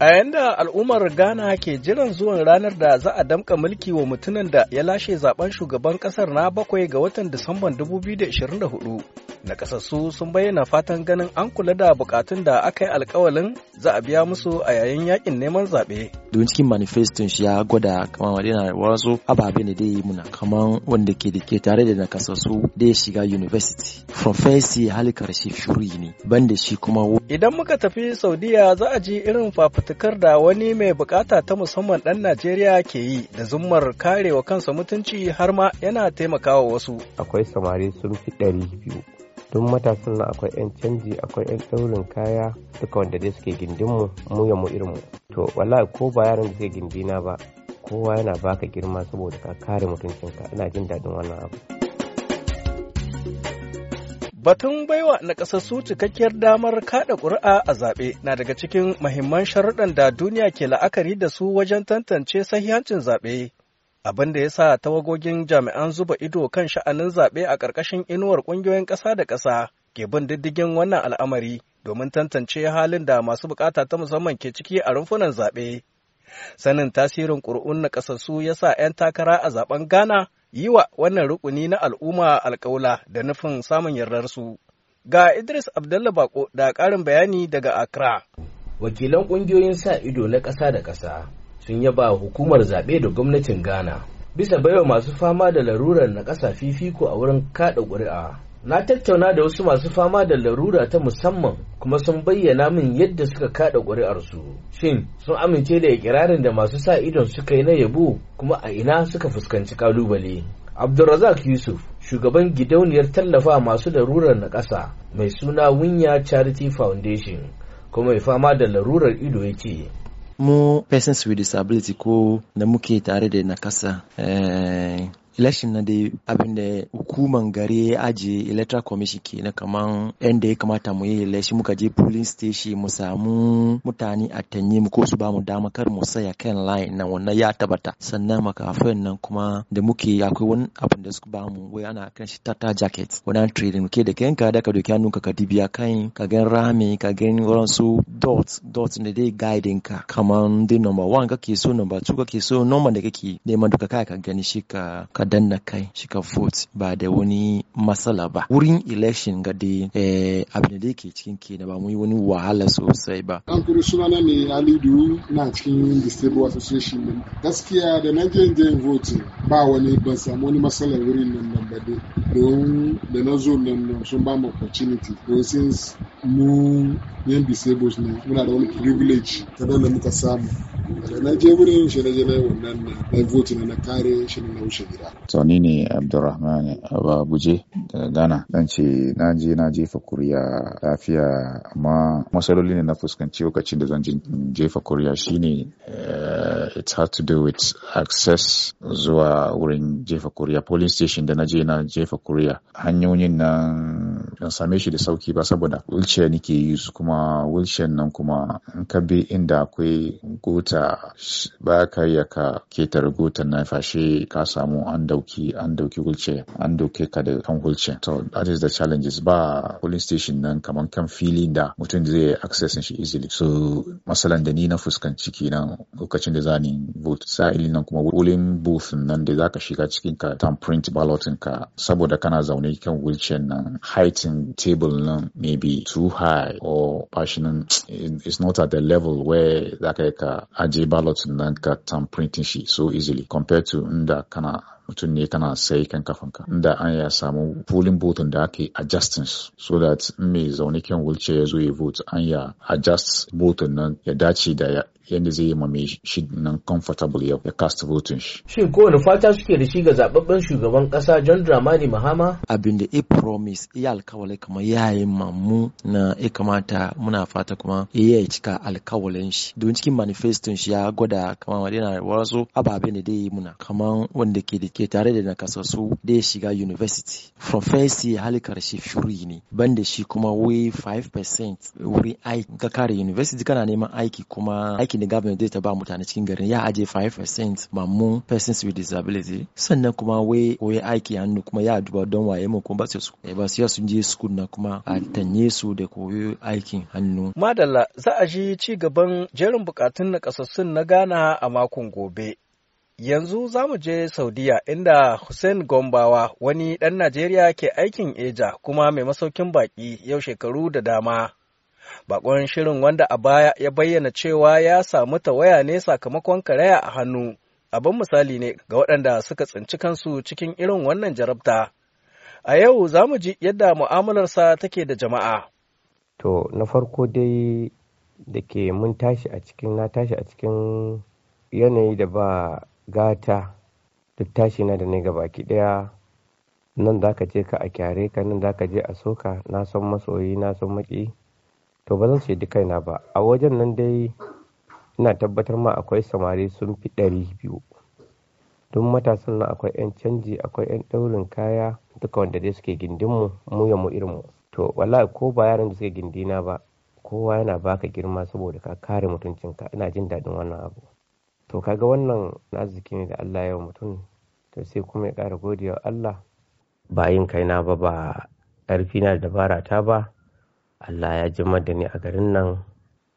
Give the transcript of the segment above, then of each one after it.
A yanda al'ummar Ghana ke jiran zuwan ranar da za a damka mulki wa mutumin da ya lashe zaben shugaban kasar na bakwai ga watan Disamban 2024. nakasassu sun bayyana fatan ganin an kula da bukatun da aka yi alkawalin za a biya musu a yayin yakin neman zaɓe. Don cikin manifestin shi ya gwada kamar yana wasu ababe ne dai muna kamar wanda ke da ke tare da nakasassu da shiga university. From first hali karshe shuri ne ban da shi kuma. Idan muka tafi Saudiya za a ji irin fafutukar da wani mai bukata ta musamman ɗan Najeriya ke yi da zummar wa kansa mutunci har ma yana taimakawa wasu. Akwai samari sun fi ɗari biyu Tun matasan nan akwai 'yan canji akwai 'yan ɗaurin kaya duka wanda dai suke gindinmu mu ya mu to wallahi ko ba yaran da suke gindina ba kowa yana baka girma saboda ka kare mutuncinka ina jin daɗin wannan abu Batun baiwa na su cikakkiyar damar kada ƙuri'a a zaɓe na daga cikin mahimman sharuɗan da duniya ke la'akari da su wajen tantance sahihancin zaɓe. abin da ya sa tawagogin jami'an zuba ido kan sha'anin zaɓe a ƙarƙashin inuwar ƙungiyoyin ƙasa da ƙasa ke bin diddigin wannan al'amari domin tantance halin da masu buƙata ta musamman ke ciki a rumfunan zaɓe. Sanin tasirin ƙuri'un na ƙasassu ya sa 'yan takara a zaben Ghana yi wa wannan rukuni na al'umma alƙaula da nufin samun yardarsu. Ga Idris Abdullah Bako da ƙarin bayani daga Accra. Wakilan ƙungiyoyin sa ido na ƙasa da ƙasa sun yaba hukumar zaɓe da gwamnatin ghana bisa baiwa masu fama da larurar na ƙasa fifiko a wurin kaɗa ƙuri'a na tattauna da wasu masu fama da larura ta musamman kuma sun bayyana min yadda suka kada ƙuri'arsu shin sun amince da ikirarin da masu sa idon suka yi na yabo kuma a ina suka fuskanci kalubale abdulrazak yusuf shugaban gidauniyar tallafa masu larurar na ƙasa mai suna winya charity foundation kuma mai fama da larurar ido ya ce mu persons with disability ko da muke tare da nakasa eh, election na dai abin da hukuman gari ya ajiye electoral commission ke na kaman yadda ya kamata mu yi election muka je polling station mu samu mutane a tanye mu ko su ba mu dama kar mu saya kan line na wannan ya tabbata sannan makafin nan kuma da muke akwai wani abin da suka ba mu wai ana kan shi tata jacket wani trading ke da kanka da ka doki hannunka ka dibiya kan ka gan rami ka gan wurin su dots ne dai guiding ka kaman dai number 1 kake so number 2 kake so number da kake neman duka kai ka gani shi ka danna kai shika vote ba da wani matsala ba wurin election ga dai eh, abin da yake cikin ke ba mu yi wani wahala sosai ba an kuri suna na ne alidu na cikin disabled association din gaskiya da na je je vote ba wani ban samu wani matsala wurin nan nan ba don da na zo nan nan sun ba mu opportunity don since mu yan disabled ne muna da wani privilege ta da muka samu da na je wurin shi na je na yi wannan na vote na kare shi na wuce gida. to ne abdulrahman ababuje daga ghana dan ce na je na jefa kuriya lafiya amma matsaloli ne na fuskanci lokacin da zan jefa kuriya shine eh, it's hard to do with access zuwa wurin jefa kuriya polling station da na je na jefa kuriya hanyoyin nan ban same shi da sauki ba saboda wheelchair nake yi su kuma wheelchair nan kuma in ka bi inda akwai gota ba ka yi ka ketare gota na fashe ka samu an dauki an dauki wheelchair an dauke ka da kan wheelchair so that is the challenges ba polling station nan kamar kan fili da mutum zai yi access shi easily so masalan da ni na fuskanci kenan lokacin da zani vote sa'ilin nan kuma polling booth nan da zaka shiga cikin ka tamprint ballotin ka saboda kana zaune kan wheelchair nan height rating table now may be too high or passionate. It's not at the level where like ka aje ballot nan can tamprinting shi so easily compared to inda kana mutum ne kana sai kan kafanka inda an ya samu polling button da ake adjustments so that mai zaune kan wheelchair ya zo ya vote an ya adjust button nan ya dace da yadda zai yi ma mai shi nan comfortable ya cast voting shi. Shin wani fata suke da shi ga zababben shugaban kasa John Dramani Mahama? Abin da i promise iya alkawali kamar yayin mamu na e kamata muna fata kuma iya cika alkawalin shi don cikin manifestin shi ya gwada kamar a wasu ababen da dai muna kamar wanda ke da ke tare da nakasassu da ya shiga university from first year hali karshe shuri ne banda shi kuma wai 5% wuri aiki ka kare university kana neman aiki kuma aiki tallafi da government zai ta ba mutane cikin garin ya aje 5% mamun persons with disability sannan kuma wai koyi aiki hannu kuma ya duba don waye mu kuma ba su su eh, ba su sun je school na kuma a tanye su da koyi aikin hannu madalla za a ji ci gaban jerin bukatun na kasassun na Ghana a makon gobe yanzu za mu je saudiya inda hussein gombawa wani ɗan najeriya ke aikin eja kuma mai masaukin baƙi yau shekaru da dama Bakon shirin wanda a baya ya bayyana cewa ya samu tawaya ne sakamakon karaya a hannu. Abin misali ne ga waɗanda suka tsinci kansu cikin irin wannan jarabta. A yau za mu ji yadda mu'amalarsa take da jama'a. To, na farko dai da ke mun tashi a cikin na tashi a cikin yanayi da ba gata duk tashi na da ne ga baki ɗaya nan za ka je ka a kyare ka nan za ka je a soka na son masoyi na son maki to ba zan ce dukaina ba a wajen nan dai ina tabbatar ma akwai samari sun fi ɗari biyu don matasan nan akwai 'yan canji akwai 'yan ɗaurin kaya duka wanda dai suke gindinmu mu ya mu mu. to wallahi ko ba yaran da suke gindina ba kowa yana baka girma saboda ka kare mutuncinka ina jin daɗin wannan abu to kaga wannan arziki ne da Allah ya mutum to sai kuma ya ƙara godiya Allah ba yin kaina ba ba ƙarfi na dabara ta ba Allah ya ji ni a garin nan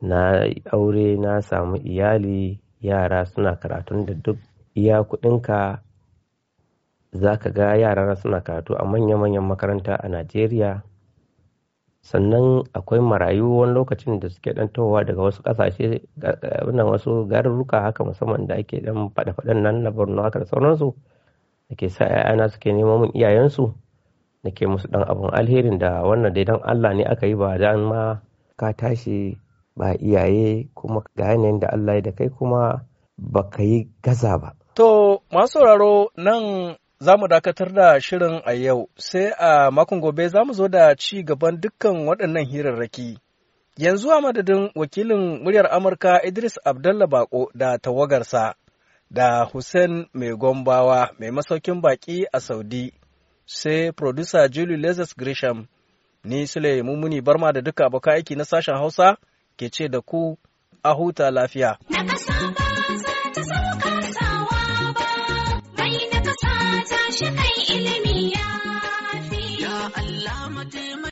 na aure na samu iyali yara suna karatun da duk iya kuɗinka za ka ga yara suna karatu a manya-manyan makaranta a Najeriya sannan akwai marayu wani lokacin da suke dan towa daga wasu kasashe wannan wasu garuruka haka musamman da ake dan faɗa-faɗan nan na Borno haka da sauransu da ke sa 'ya'yana suke neman iyayensu nake musu dan abun alherin da wannan dai dan Allah ne aka yi ba dan ma ka tashi ba iyaye kuma ga yanayin da Allah ya da kai kuma ba ka yi gaza ba. To masu sauraro nan za mu dakatar da shirin a yau sai a makon gobe za mu zo da ci gaban dukkan waɗannan hirarraki. Yanzu a madadin wakilin muryar Amurka Idris Abdalla Bako da tawagarsa da Hussein mai gombawa mai masaukin baƙi a Saudi. sai producer Julie Lazarus Grisham. Ni Sule Mummuni Barma da duka abokan aiki na sashen Hausa ke ce da ku a huta lafiya.